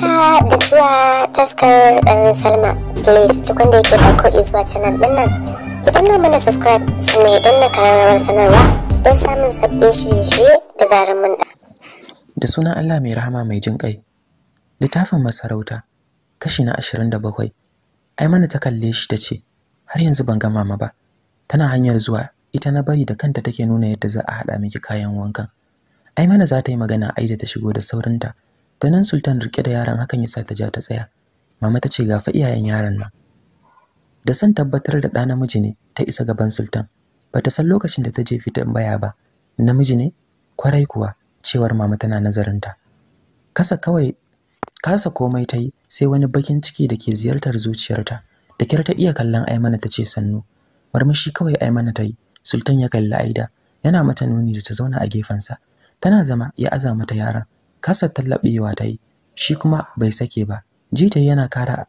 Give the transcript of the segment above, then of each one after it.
haka da zuwa taskar ɗan salma please duk wanda yake farko izuwa canal ɗin nan ki danna mana subscribe sannan don na kararrawar sanarwa don samun sabbin shirye-shirye da zarar mun da da sunan allah mai rahama mai jin kai littafin masarauta kashi na ashirin da bakwai ai mana ta kalle shi ta ce har yanzu ban gama ma ba tana hanyar zuwa ita na bari da kanta take nuna yadda za a haɗa miki kayan wankan ai mana za ta yi magana ai da ta shigo da saurinta nan sultan rike da yaran hakan yasa ta ja ta tsaya mama ta ce ga fa iyayen yaran nan da san tabbatar da ɗa namiji ne ta isa gaban sultan bata san lokacin da ta je in baya ba namiji ne kwarai kuwa cewar mama tana nazarinta kasa kawai kasa komai ta yi sai wani bakin ciki da ke ziyartar zuciyarta da kyar ta iya kallon aimana ta ce sannu marmashi kawai aimana ta yi sultan ya kalli aida yana mata nuni da ta zauna a gefensa tana zama ya aza mata yaran kasa tallabewa ta yi shi kuma bai sake ba jita yana kara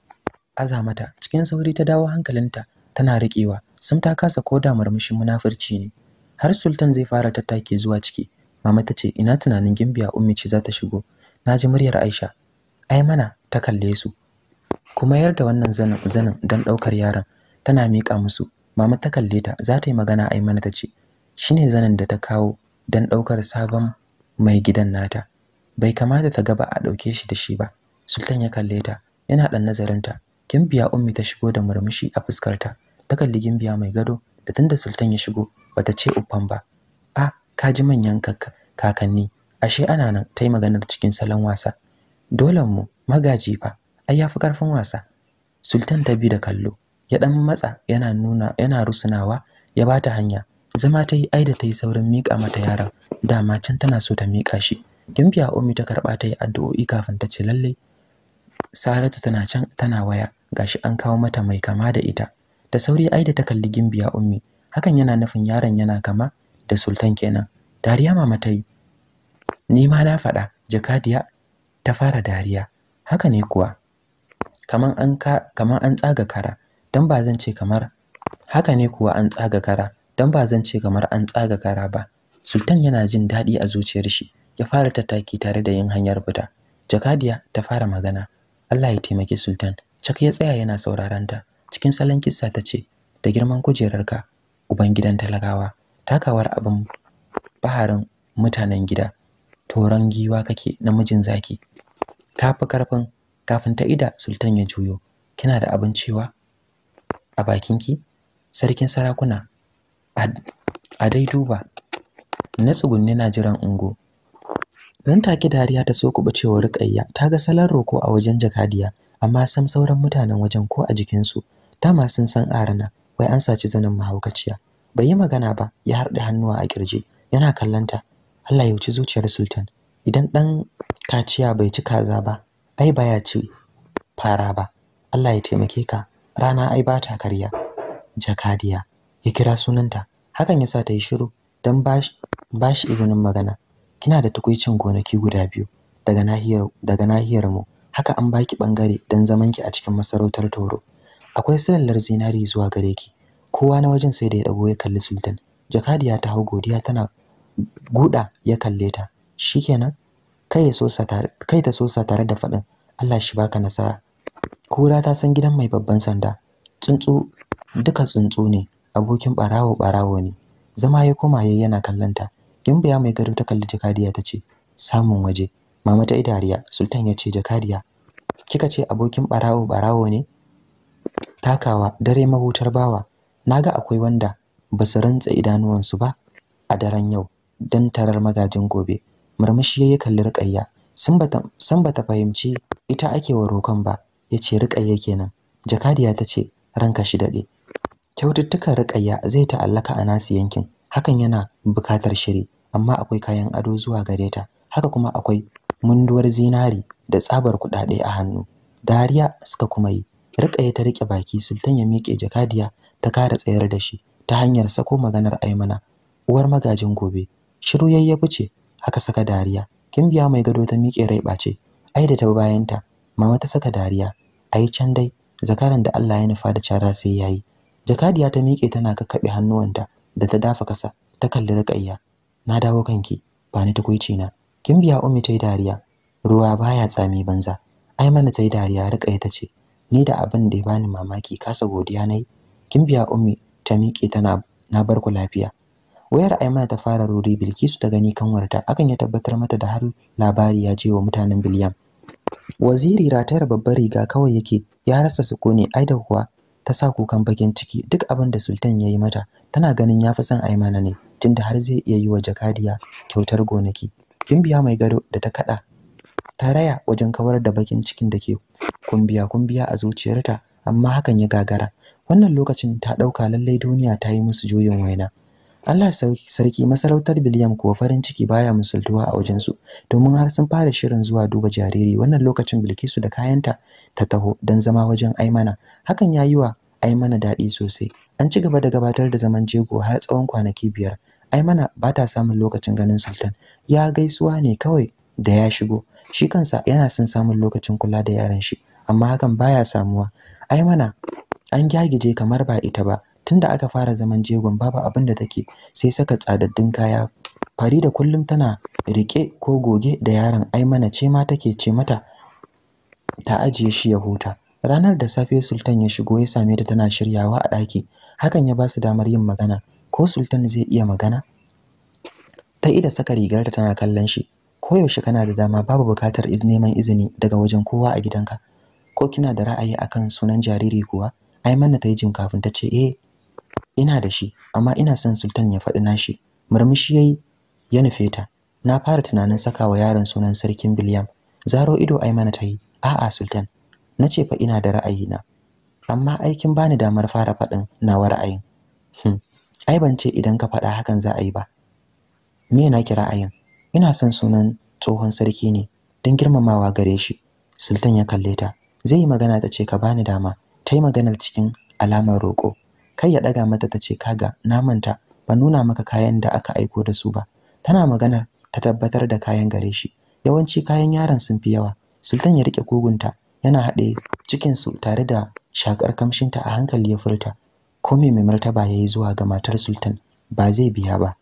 azamata. cikin sauri ta dawo hankalinta tana riƙewa sam ta kasa koda murmushin munafurci ne har sultan zai fara tattake zuwa ciki mama ta ce ina tunanin gimbiya ummi ce za ta shigo na ji muryar aisha ai mana ta kalle su kuma yarda wannan zanin zanin dan daukar yaron tana miƙa musu mama ta kalle ta za ta yi magana ai mana ta ce shine zanin da ta kawo don ɗaukar sabon mai gidan nata bai kamata ta gaba a ɗauke shi da shi ba sultan ya kalle ta yana ɗan nazarinta gimbiya ummi ta shigo da murmushi a fuskarta ta kalli gimbiya mai gado da tunda sultan ya shigo bata ce uffan ba a ah, ka ji manyan kakanni ashe ana nan ta yi maganar cikin salon wasa dolan mu magaji fa ai yafi karfin wasa sultan ta bi da kallo ya dan matsa yana nuna yana rusunawa ya bata hanya zama ta yi aida ta yi saurin miƙa mata yaron dama can tana so ta miƙa shi gimbiya ummi ta karba ta yi addu'o'i kafin ta ce lalle saratu tana can tana waya gashi an kawo mata mai kama da ita da sauri ai da ta kalli gimbiya ummi hakan yana nufin yaron yana kama da sultan kenan dariya mama ta yi ni ma na faɗa jakadiya ta fara dariya haka ne kuwa kaman an ka kaman an tsaga kara dan ba zan ce kamar haka ne kuwa an tsaga kara dan ba zan ce kamar an tsaga kara ba sultan yana jin daɗi a zuciyar shi ya fara tattaki tare da yin hanyar fita jakadiya ta fara magana Allah ya taimaki sultan cak ya tsaya yana sauraron ta cikin salon kissa ta ce da girman kujerar ka. uban gidan talakawa takawar abin baharin mutanen gida toron giwa kake namijin zaki kafi karfin kafin ta ida sultan ya juyo kina da abin cewa a bakinki sarkin sarakuna a dai duba na tsugunni na jiran ungo Nan take dariya ta so cewa Rukayya, ta ga salon roko a wajen Jakadiya, amma sam sauran mutanen wajen ko a jikinsu, dama sun san arana, wai an saci zanin mahaukaciya. Bai yi magana ba, ya harɗe hannuwa a kirje, yana kallanta. Allah ya wuci zuciyar Sultan. Idan ɗan kaciya bai ci kaza ba, ai baya ci fara ba. Allah ya taimake ka, rana ai ba ta karya. Jakadiya ya kira sunanta, hakan ya sa ta yi shiru don ba shi izinin magana. kina da tukuicin gonaki guda biyu daga nahiyar mu haka an baki bangare dan zaman ki a cikin masarautar Toro akwai sallar zinari zuwa gare ki kowa na wajen sai da ya dago ya kalli Sultan jakadiya ta hau godiya tana guda ya kalle ta shikenan kai ya kai ta sosa tare da faɗin. Allah shi baka nasara kura ta san gidan mai babban sanda tsuntsu duka tsuntsu ne abokin barawo barawo ne zama ya koma yayi yana kallon ta Gimbiya mai gado ta kalli Jakadiya ta ce, "Samun waje." Mama ta yi Sultan ya ce, "Jakadiya, kika ce abokin barawo barawo ne?" Takawa dare mahutar bawa, Na ga akwai wanda ba su rantsa idanuwansu ba a daren yau don tarar magajin gobe. Murmushi ya yi kalli riƙayya, san ba ta fahimci ita ake wa rokon ba, ya ce riƙayya kenan. Jakadiya ta ce, "Ranka shi daɗe." Kyaututtukan riƙayya zai ta'allaka a nasu yankin. hakan yana buƙatar shiri amma akwai kayan ado zuwa gare ta haka kuma akwai munduwar zinari da tsabar kuɗaɗe a hannu dariya suka kuma yi rikaye ta riƙe baki sultan ya miƙe jakadiya ta kara tsayar da shi ta hanyar sako maganar aimana uwar magajin gobe shiru ya fice haka saka dariya kimbiya mai gado ta miƙe rai ɓace ai da ta bayanta mama ta saka dariya ai can dai zakaran da Allah ya nufa da cara sai yayi jakadiya ta miƙe tana kakkaɓe hannuwanta da ta dafa kasa ta kalli riƙayya. na dawo kanki ba ni ta takuici na kin biya ummi tai dariya ruwa baya tsami banza ai mana tai dariya Rukayya ta ce ni da abin da ya bani mamaki kasa godiya nayi kin biya ummi ta miƙe tana na barku lafiya wayar ai mana ta fara ruri Bilkisu ta gani kanwarta akan ya tabbatar mata da har labari ya je wa mutanen Biliyam waziri ratayar babbar riga kawai yake ya rasa sukuni ai da kuwa ta sa kukan bakin ciki duk abin da sultan ya yi mata tana ganin ya fi son a mana ne tunda har zai iya yi wa jakadiya kyautar gonaki kimbiya mai gado da ta kaɗa ta raya wajen kawar da bakin cikin da ke kumbiya kumbiya a zuciyarta amma hakan ya gagara wannan lokacin ta ɗauka lallai duniya ta yi musu juyin waina Allah sarki masarautar Biliyam kuwa farin ciki baya musaltuwa a wajensu domin har sun fara shirin zuwa duba jariri wannan lokacin Bilkisu da kayanta ta taho don zama wajen Aimana hakan ya yi wa Aimana daɗi sosai an ci gaba da gabatar da zaman jego har tsawon kwanaki biyar Aimana ba ta samun lokacin ganin Sultan ya gaisuwa ne kawai da ya shigo shi kansa yana son samun lokacin kula da yaran shi amma hakan baya samuwa Aimana an gyagije kamar ba ita ba Tun da aka fara zaman jegon babu abin da take sai saka tsadaddun kaya Farida kullum tana rike ko goge da yaron Aimana ce ma take ce mata ta ajiye shi ya huta ranar da safe sultan ya shigo ya same ta tana shiryawa a ɗaki hakan ya ba su damar yin magana ko sultan zai iya magana ta ida saka rigarta tana kallon shi koyaushe kana da dama babu bukatar neman izini daga wajen kowa a gidanka ko kina da ra'ayi akan sunan jariri kuwa ai mana ta yi jin kafin ta ce eh ina da shi amma ina son sultan ya faɗi nashi murmushi yayi ya nufe ta na fara tunanin saka wa yaron sunan sarkin Biliyam zaro ido ai mana tayi a'a sultan nace fa ina da ra'ayina amma aikin bani damar fara faɗin nawa ra'ayin hmm. ai ban ce idan ka faɗa hakan za a yi ba me na kira ra'ayin ina son sunan tsohon sarki ne don girmamawa gare shi sultan ya kalle ta zai yi magana ta ce ka bani dama ta yi maganar cikin alamar roƙo kai ya ɗaga mata ta ce kaga na manta ba nuna maka kayan da aka aiko da su ba tana magana ta tabbatar da kayan gare shi yawanci kayan yaron sun fi yawa sultan ya rike kogunta yana haɗe su tare da shakar kamshinta a hankali ya furta ko me mai martaba ya yi zuwa ga matar sultan ba zai biya ba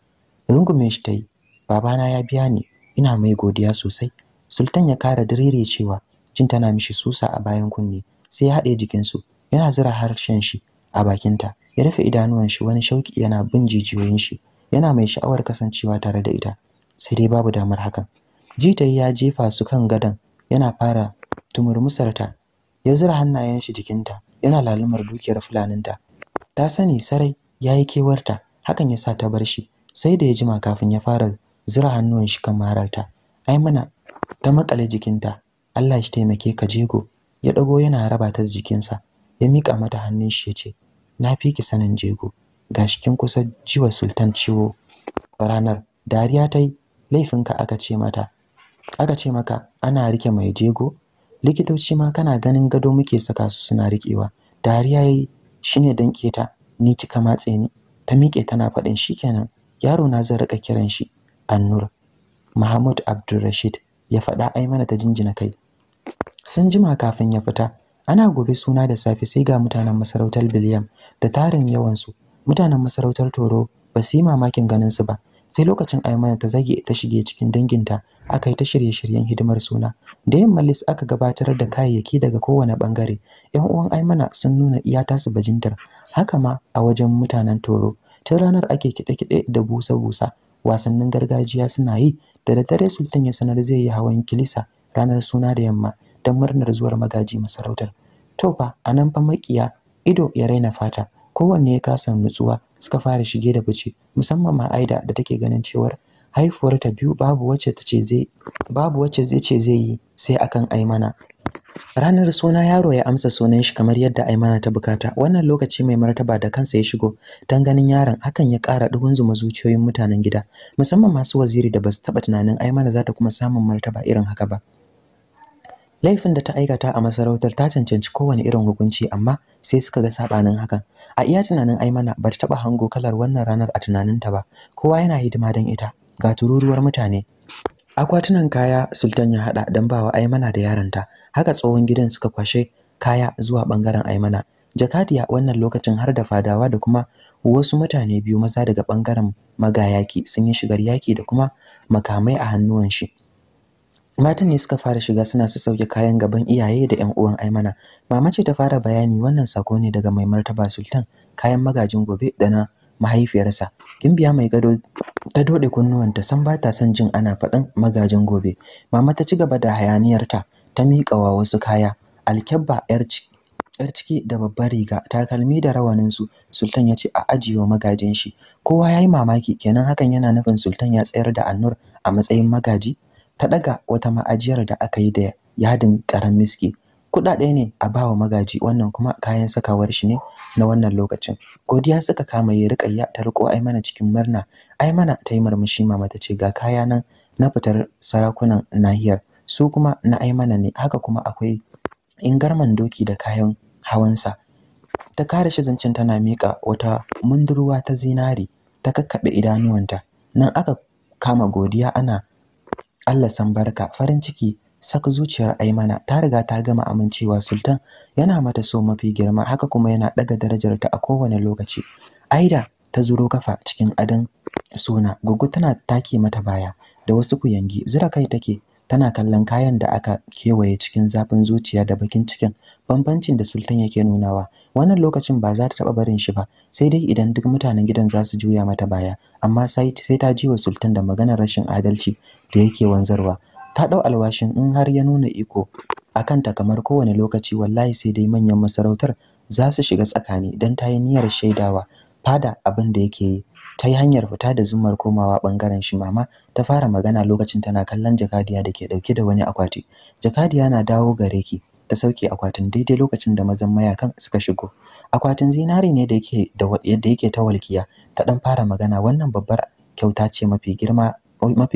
rungume shi ta yi babana ya biya ni ina mai godiya sosai sultan ya kara dirire cewa jin tana mishi susa a bayan kunne sai ya haɗe jikinsu yana zira harshen shi a bakinta ya rufe idanuwan shi wani shauki yana bin jijiyoyin shi yana mai sha'awar kasancewa tare da ita sai dai babu damar hakan jita ya jefa su kan gadan yana fara tumurmusarta ya zura hannayen shi jikinta yana lalumar dukiyar fulaninta ta sani sarai ya yi kewarta hakan ya sa ta bar shi sai da ya jima kafin ya fara zura hannuwan shi kan mararta ai mana ta makale jikinta Allah shi taimake ka jego ya dago yana raba ta jikinsa ya mika mata hannun shi ya ce na fi ki sanin jego ga shikin kusa jiwa sultan ciwo ranar dariya ta yi laifinka aka ce mata aka ce maka ana rike mai jego likitoci ma kana ganin gado muke saka su suna rikewa dariya ya yayi shine don keta ni kika matse ni ta miƙe tana faɗin shi kenan yaro na zan rika kiran shi annur Mahmud Abdulrashid ya faɗa ai mana ta jinjina kai sun jima kafin ya fita ana gobe suna da safe sai ga mutanen masarautar biliyam da tarin yawansu mutanen masarautar toro ba su yi mamakin ganin su ba sai lokacin aimana ta zage ta shige cikin danginta aka yi ta shirye-shiryen hidimar suna da yin malis aka gabatar da kayayyaki daga kowane bangare yan uwan aimana sun nuna iya tasu bajintar haka ma a wajen mutanen toro ta ranar ake kiɗe-kiɗe da busa-busa wasannin gargajiya suna yi da daddare sultan ya sanar zai yi hawan kilisa ranar suna da yamma don murnar zuwar magaji masarautar to fa a nan fa makiya ido ya raina fata kowanne ya kasa nutsuwa suka fara shige da fice musamman ma aida da take ganin cewar haifuwar ta biyu babu wacce ta ce zai babu wacce zai ce zai yi sai akan aimana ranar suna yaro ya amsa sunan shi kamar yadda aimana ta bukata wannan lokaci mai martaba da kansa ya shigo dan ganin yaron hakan ya ƙara dugun zuma zuciyoyin mutanen gida musamman masu waziri da basu taɓa tunanin aimana za ta kuma samun martaba irin haka ba laifin da ta aikata a masarautar ta cancanci kowane irin hukunci amma sai suka ga sabanin hakan a iya tunanin aimana ba ta taba hango kalar wannan ranar a tunaninta ba kowa yana hidima don ita ga tururuwar mutane akwatunan kaya sultan ya hada don bawa aimana da yaranta haka tsohon gidan suka kwashe kaya zuwa bangaren aimana jakadiya wannan lokacin har da fadawa da kuma wasu mutane biyu maza daga bangaren magayaki sun yi shigar yaki da kuma makamai a hannuwan shi matan ne suka fara shiga suna sassauke kayan gaban iyaye da 'yan uwan Aimana mama ce ta fara bayani wannan sako ne daga mai martaba sultan kayan magajin gobe da na mahaifiyarsa gimbiya mai gado ta dode kunnuwanta san ba ta son jin ana faɗan magajin gobe mama ta ci gaba da hayaniyarta ta miƙa wa wasu kaya alkyabba yar yar ciki da babbar riga takalmi da rawaninsu sultan ya ce a ajiyewa magajin shi kowa ya yi mamaki kenan hakan yana nufin sultan ya tsayar da annur a matsayin magaji ta ɗaga wata ma'ajiyar da aka yi da yadin karan miski kuɗaɗe ne a bawa magaji wannan kuma kayan sakawar shi ne na wannan lokacin godiya suka kama yi riƙayya ta riko mana cikin murna aimana ta yi murmushi mama ta ce ga kaya nan na fitar sarakunan nahiyar su kuma na aimana ne haka kuma akwai ingarman doki da kayan hawansa ta kare shi zancen tana miƙa wata mundurwa ta zinari ta kakkaɓe idanuwanta nan aka kama godiya ana Allah san barka farin ciki saka zuciyar Aimana ta riga ta gama amincewa Sultan yana mata so mafi girma haka kuma yana daga darajar ta a kowane lokaci Aida ta zuro kafa cikin adan suna gugu tana take mata baya da wasu kuyangi zira kai take tana kallon kayan da aka kewaye cikin zafin zuciya da bakin cikin bambancin da sultan yake nunawa wannan lokacin ba za ta taba barin shi ba sai dai idan duk mutanen gidan za su juya mata baya amma sai sai ta wa sultan da maganar rashin adalci da yake wanzarwa ta dau alwashin in har ya nuna iko akan ta kamar kowane lokaci wallahi sai dai manyan masarautar za su shiga tsakani dan ta yi niyyar shaidawa fada abin da yake yi ta yi hanyar fita da zumar komawa bangaren shi mama ta fara magana lokacin tana kallon jakadiya da ke dauke da wani akwati jakadiya na dawo gare ki ta sauke akwatin daidai lokacin da mazan mayakan suka shigo akwatin zinari ne da yake yake ta walkiya ta dan fara magana wannan babbar kyauta ce mafi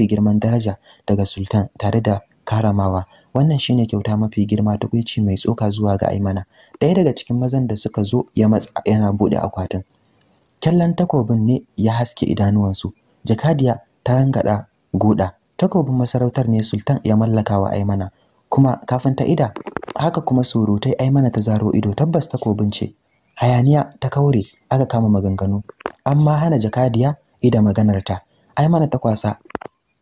girman daraja daga sultan tare da karamawa wannan shine kyauta mafi girma ta kuici mai tsoka zuwa ga aimana ɗaya daga cikin mazan da suka zo ya matsa yana buɗe akwatin kyallan takobin ne ya haske idanuwansu jakadiya ta rangada goda takobin masarautar ne sultan ya mallaka wa aimana kuma kafin ta ida haka kuma surutai aimana ta zaro ido tabbas takobin ce hayaniya ta kaure aka kama maganganu amma hana jakadiya ida maganar ta aimana ta kwasa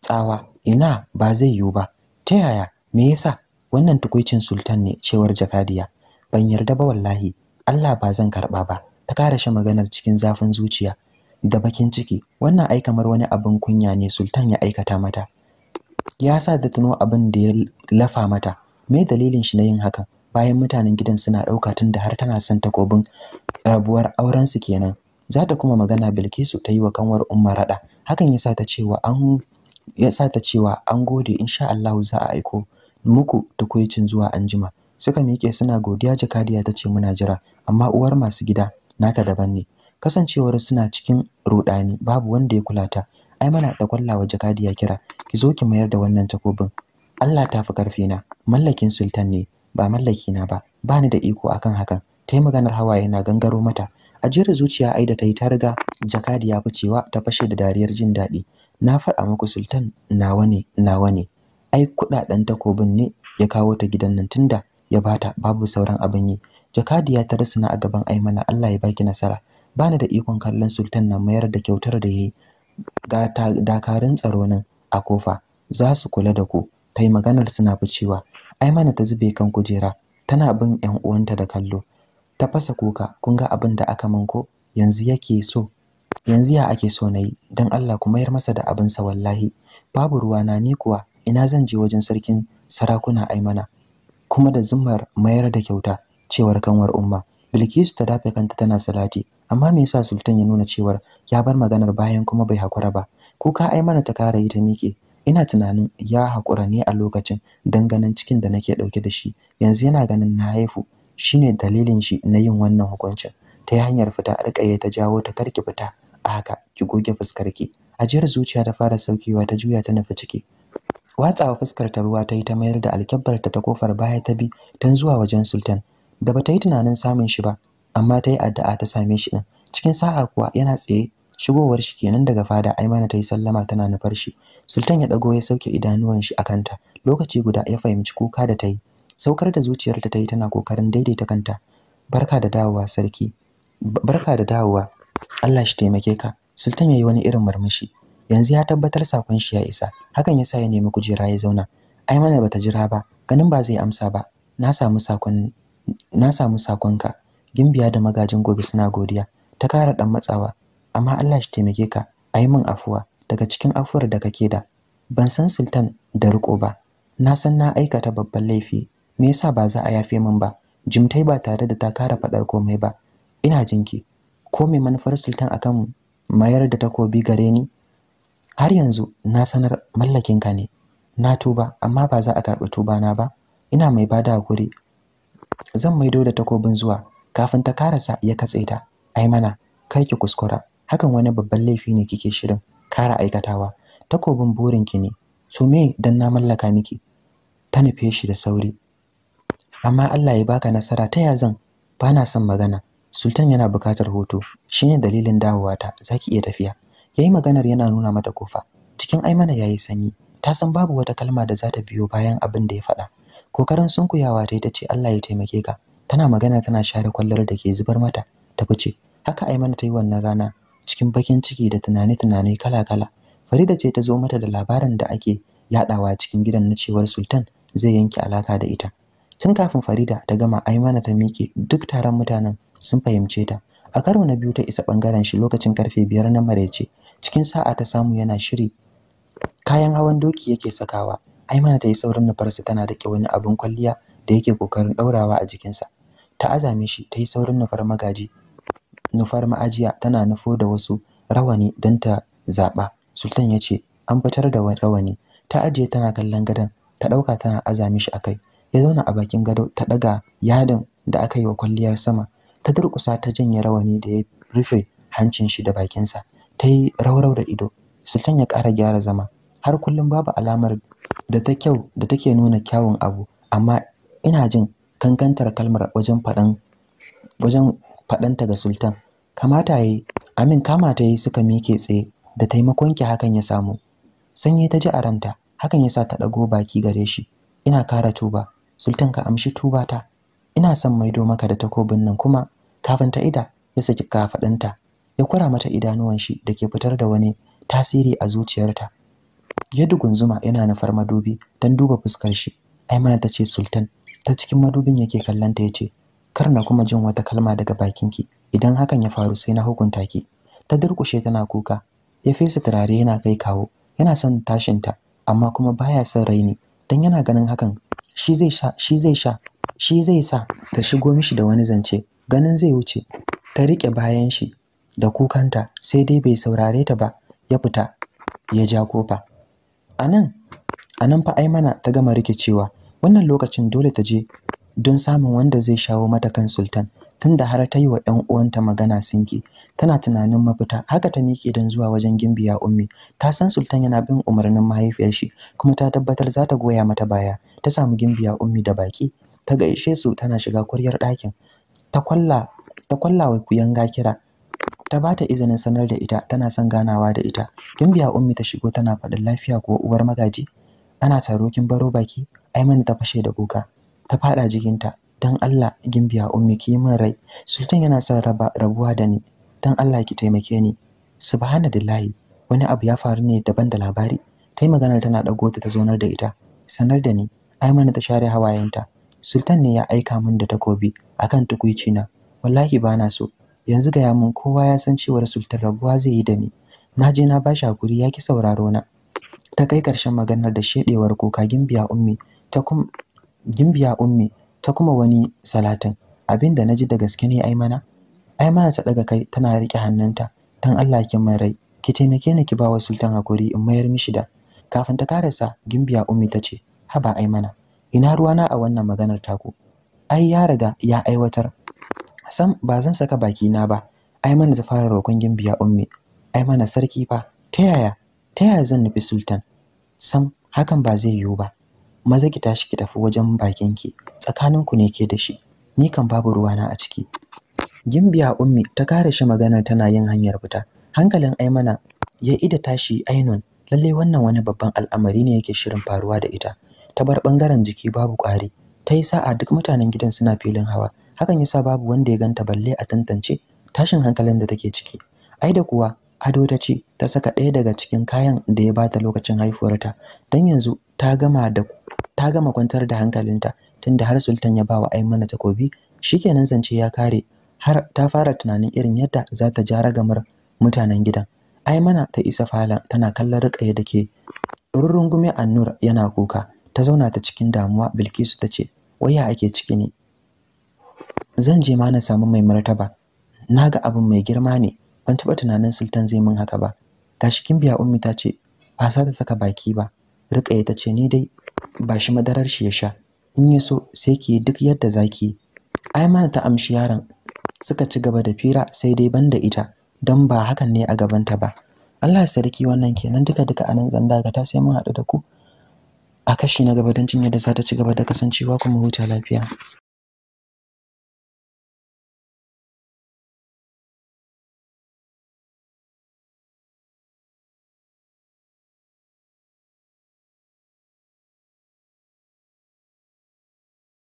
tsawa ina ba zai yiwu ba ta yaya me yasa wannan tukuicin sultan ne cewar jakadiya ban yarda ba wallahi Allah ba zan karba ba ta shi maganar cikin zafin zuciya da bakin ciki wannan ai kamar wani abin kunya ne sultan ya aikata mata ya sa da tuno abin da ya lafa mata me dalilin shi na yin hakan bayan mutanen gidan suna ɗauka tun da har tana son takobin rabuwar aurensu kenan za ta kuma magana bilkisu ta yi wa kanwar umma raɗa hakan ya sa ta cewa an ya sa ta cewa an gode insha Allah za a aiko muku tukuicin zuwa anjima suka miƙe suna godiya jakadiya ta ce muna jira amma uwar masu gida nata daban ne kasancewar suna cikin rudani babu wanda ya kula ta ai mana ta kwallawa jakadiya kira ki zo ki mayar da wannan takobin Allah ta fi karfi na mallakin sultan ne ba mallaki na ba bani da iko akan hakan ta maganar hawa yana gangaro mata A jira zuciya ai da ta yi ta riga jakadiya ficewa ta fashe da dariyar jin daɗi na faɗa muku sultan nawa ne nawa ne ai kuɗaɗen takobin ne ya kawo ta gidan nan tunda ya bata babu sauran abin yi jakadiya ta rasuna a gaban aimana Allah ya baki nasara bani da ikon kallon sultan na mayar da kyautar da yayi ga dakarun tsaro nan a kofa za su kula da ku ta maganar suna ficewa aimana ta zube kan kujera tana bin yan uwanta da kallo ta fasa kuka kun ga abin da aka manko yanzu yake so yanzu ya ake so nayi dan Allah ku mayar masa da abinsa wallahi babu ruwa na ni kuwa ina zan je wajen sarkin sarakuna aimana kuma da zimmar mayar da kyauta cewar kanwar umma bilkisu ta dafe kanta tana salati amma me yasa sultan ya nuna cewar ya bar maganar bayan kuma bai hakura ba Ko ka ai mana ta kara yi ta miƙe ina tunanin ya hakura ne a lokacin dan ganin cikin da nake dauke da shi yanzu yana ganin na haifu shine dalilin shi na yin wannan hukuncin ta hanyar fita arƙaye ta jawo ta karki fita a haka ki goge fuskarki ajiyar zuciya ta fara saukewa ta juya ta nufi ciki watsawa fuskar ta ruwa ta yi ta mayar da alkyabbar ta kofar baya ta bi tun zuwa wajen sultan da bata yi tunanin samun shi ba amma ta yi addu'a ta same shi din cikin sa'a kuwa yana tsaye shigowar shi kenan daga fada aimana ta yi sallama tana nufar shi sultan ya ɗago ya sauke idanuwan shi kanta. lokaci guda ya fahimci kuka da ta yi saukar da zuciyarta ta yi tana kokarin daidaita kanta barka da dawowa sarki barka da dawowa Allah shi taimake ka sultan ya yi wani irin murmushi yanzu ya tabbatar sakon shi ya isa hakan yasa ya nemi kujera ya zauna ai mana bata jira ba ganin ba zai amsa ba na samu sakon na samu sakonka gimbiya da magajin gobe suna godiya ta kara dan matsawa amma Allah shi taimake ka ai min afuwa daga cikin afuwar da kake da ban san sultan da riko ba na san na aikata babban laifi me yasa ba za a yafe min ba jimtai ba tare da ta kara fadar komai ba ina jinki ko me manufar sultan akan mayar da takobi gare ni har yanzu na sanar mallakinka ne na tuba amma ba za a karɓi tuba na ba ina mai bada hakuri zan maido da takobin zuwa kafin ta karasa ya katse ta ai mana kar ki kuskura hakan wani babban laifi ne kike shirin kara aikatawa takobin burin ki ne Su me dan na mallaka miki ta nufe shi da sauri amma Allah ya baka nasara ta ya zan bana son magana sultan yana bukatar hoto shine dalilin dawowata zaki iya tafiya yayi maganar yana nuna mata kofa cikin aimana yayi sanyi ta san babu wata kalma da za ta biyo bayan abin da ya faɗa kokarin sunkuyawa ta ita ce Allah ya taimake ka tana magana tana share kwallar da ke zubar mata ta fice haka aimana ta yi wannan rana cikin bakin ciki da tunani-tunani kala-kala farida ce ta zo mata da labarin da ake yadawa cikin gidan na cewar sultan zai yanke alaka da ita tun kafin farida ta gama aimana ta miƙe duk taron mutanen sun fahimce ta a karo na biyu ta isa bangaren shi lokacin karfe biyar na maraice cikin sa'a ta samu yana shiri kayan hawan doki yake sakawa aimana ta yi saurin nufarsa tana da wani abin kwalliya da yake kokarin ɗaurawa a jikinsa ta azame shi ta yi saurin nufar magaji nufar ma'ajiya tana nufo da wasu rawani don ta zaɓa sultan ya ce an fitar da rawani ta ajiye tana kallon gadon ta ɗauka tana azame shi akai ya zauna a bakin gado ta ɗaga yadin da aka yi wa kwalliyar sama ta durƙusa ta janye rawani da ya rufe hancin shi da bakinsa ta yi raurau da ido sultan ya ƙara gyara zama har kullum babu alamar da ta kyau da take nuna kyawun abu amma ina jin kankantar kalmar wajen faɗan wajen faɗanta ga sultan kamata yi. amin kamata yi suka mike tsaye da taimakonki hakan ya samu sanyi ta ji a ranta hakan ya sa ta ɗago baki gare shi ina kara tuba sultan ka amshi tuba ta ina son maido maka da takobin nan kuma kafin ta ida ya saki kafaɗinta ya kura mata idanuwan shi da ke fitar da wani tasiri a zuciyarta ya dugunzuma yana nufar madubi don duba fuskar shi aimana ta ce sultan ta cikin madubin yake kallanta ya ce kar na kuma jin wata kalma daga bakin ki, idan hakan ya faru sai na hukunta ki ta durkushe tana kuka ya fesa turare yana kai kawo yana son tashinta amma kuma baya son raini dan yana ganin hakan shi zai sha shi zai sha shi zai sa ta shigo mishi da wani zance ganin zai wuce ta riƙe bayan shi da kukanta sai dai bai saurare ta ba ya fita ya ja kofa anan anan fa ai mana ta gama rikicewa wannan lokacin dole ta je don samun wanda zai shawo mata kan sultan tunda har ta yi wa ƴan uwanta magana sinki tana tunanin mafita haka ta miƙe don zuwa wajen gimbiya ummi ta san sultan yana bin umarnin mahaifiyar shi kuma ta tabbatar za ta goya mata baya ta samu gimbiya ummi da baki ta gaishe su tana shiga kuryar ɗakin ta kwalla ta kwalla wa kuyanga kira ta ba ta izinin sanar da ita tana son ganawa da ita gimbiya ummi ta shigo tana faɗin lafiya ko uwar magaji ana taro kin baro baki ai mana ta fashe da kuka ta faɗa jikinta dan Allah gimbiya ummi ki min rai sultan yana son raba rabuwa da ni dan Allah ki taimake ni subhanallahi wani abu ya faru ne daban da labari tai maganar tana dago ta zonar da ita sanar da ni ai mana ta share hawayenta sultan ne ya aika min da takobi akan tukuici na wallahi na so yanzu gaya min kowa ya san cewar sultan rabuwa zai yi da ni na je na bashi hakuri ya ki sauraro na ta kai ƙarshen maganar da shedewar kuka gimbiya ummi ta kuma gimbiya ummi ta kuma wani salatin abin da naji da gaske ne ai mana ai mana ta daga kai tana rike hannunta dan Allah kin mai rai ki taimake ni ki bawa sultan hakuri in mayar mishi da kafin ta karasa gimbiya ummi ta ce haba ai mana ina ruwana a wannan maganar taku ai ya riga ya aiwatar sam ba zan saka baki na ba ai mana ta fara roƙon gimbiya ummi ai mana sarki fa ta yaya ta yaya zan nufi sultan sam hakan ba zai yiwu ba maza ki tashi ki tafi wajen bakin bakinki tsakaninku ne ke da shi ni kan babu ruwana a ciki gimbiya ummi ta kare shi magana tana yin hanyar fita hankalin aimana ya ida tashi ainun lalle wannan wani babban al'amari ne yake shirin faruwa da ita ta bar bangaren jiki babu ƙwari ta yi sa'a duk mutanen gidan suna filin hawa hakan yasa babu wanda ya ganta balle a tantance tashin hankalin da take ciki ai da kuwa ado ta ce ta saka ɗaya daga cikin kayan da ya bata lokacin haifuwarta don yanzu ta gama da ta gama kwantar da hankalinta tunda har sultan ya bawa aimana takobi shikenan zance ya kare har ta fara tunanin irin yadda za ta ja ragamar mutanen gidan aimana ta isa fala tana kallon riƙaye da ke rurrungume annur yana kuka ta zauna ta cikin damuwa bilkisu ta ce waya ake ciki ne zan je ma na samu mai martaba na ga abin mai girma ne ban taba tunanin sultan zai min haka ba gashi kin biya ummi ta ce ba sa ta saka baki ba rika ta ce ni dai ba shi madarar shi ya sha in ya so sai ki duk yadda zaki ai mana ta amshi yaron suka ci gaba da fira sai dai banda ita don ba hakan ne a gabanta ba Allah sarki wannan kenan duka duka anan zan daga ta sai mun haɗu da ku a kashi na gaba don cinye da za ta ci gaba da kasancewa kuma huta lafiya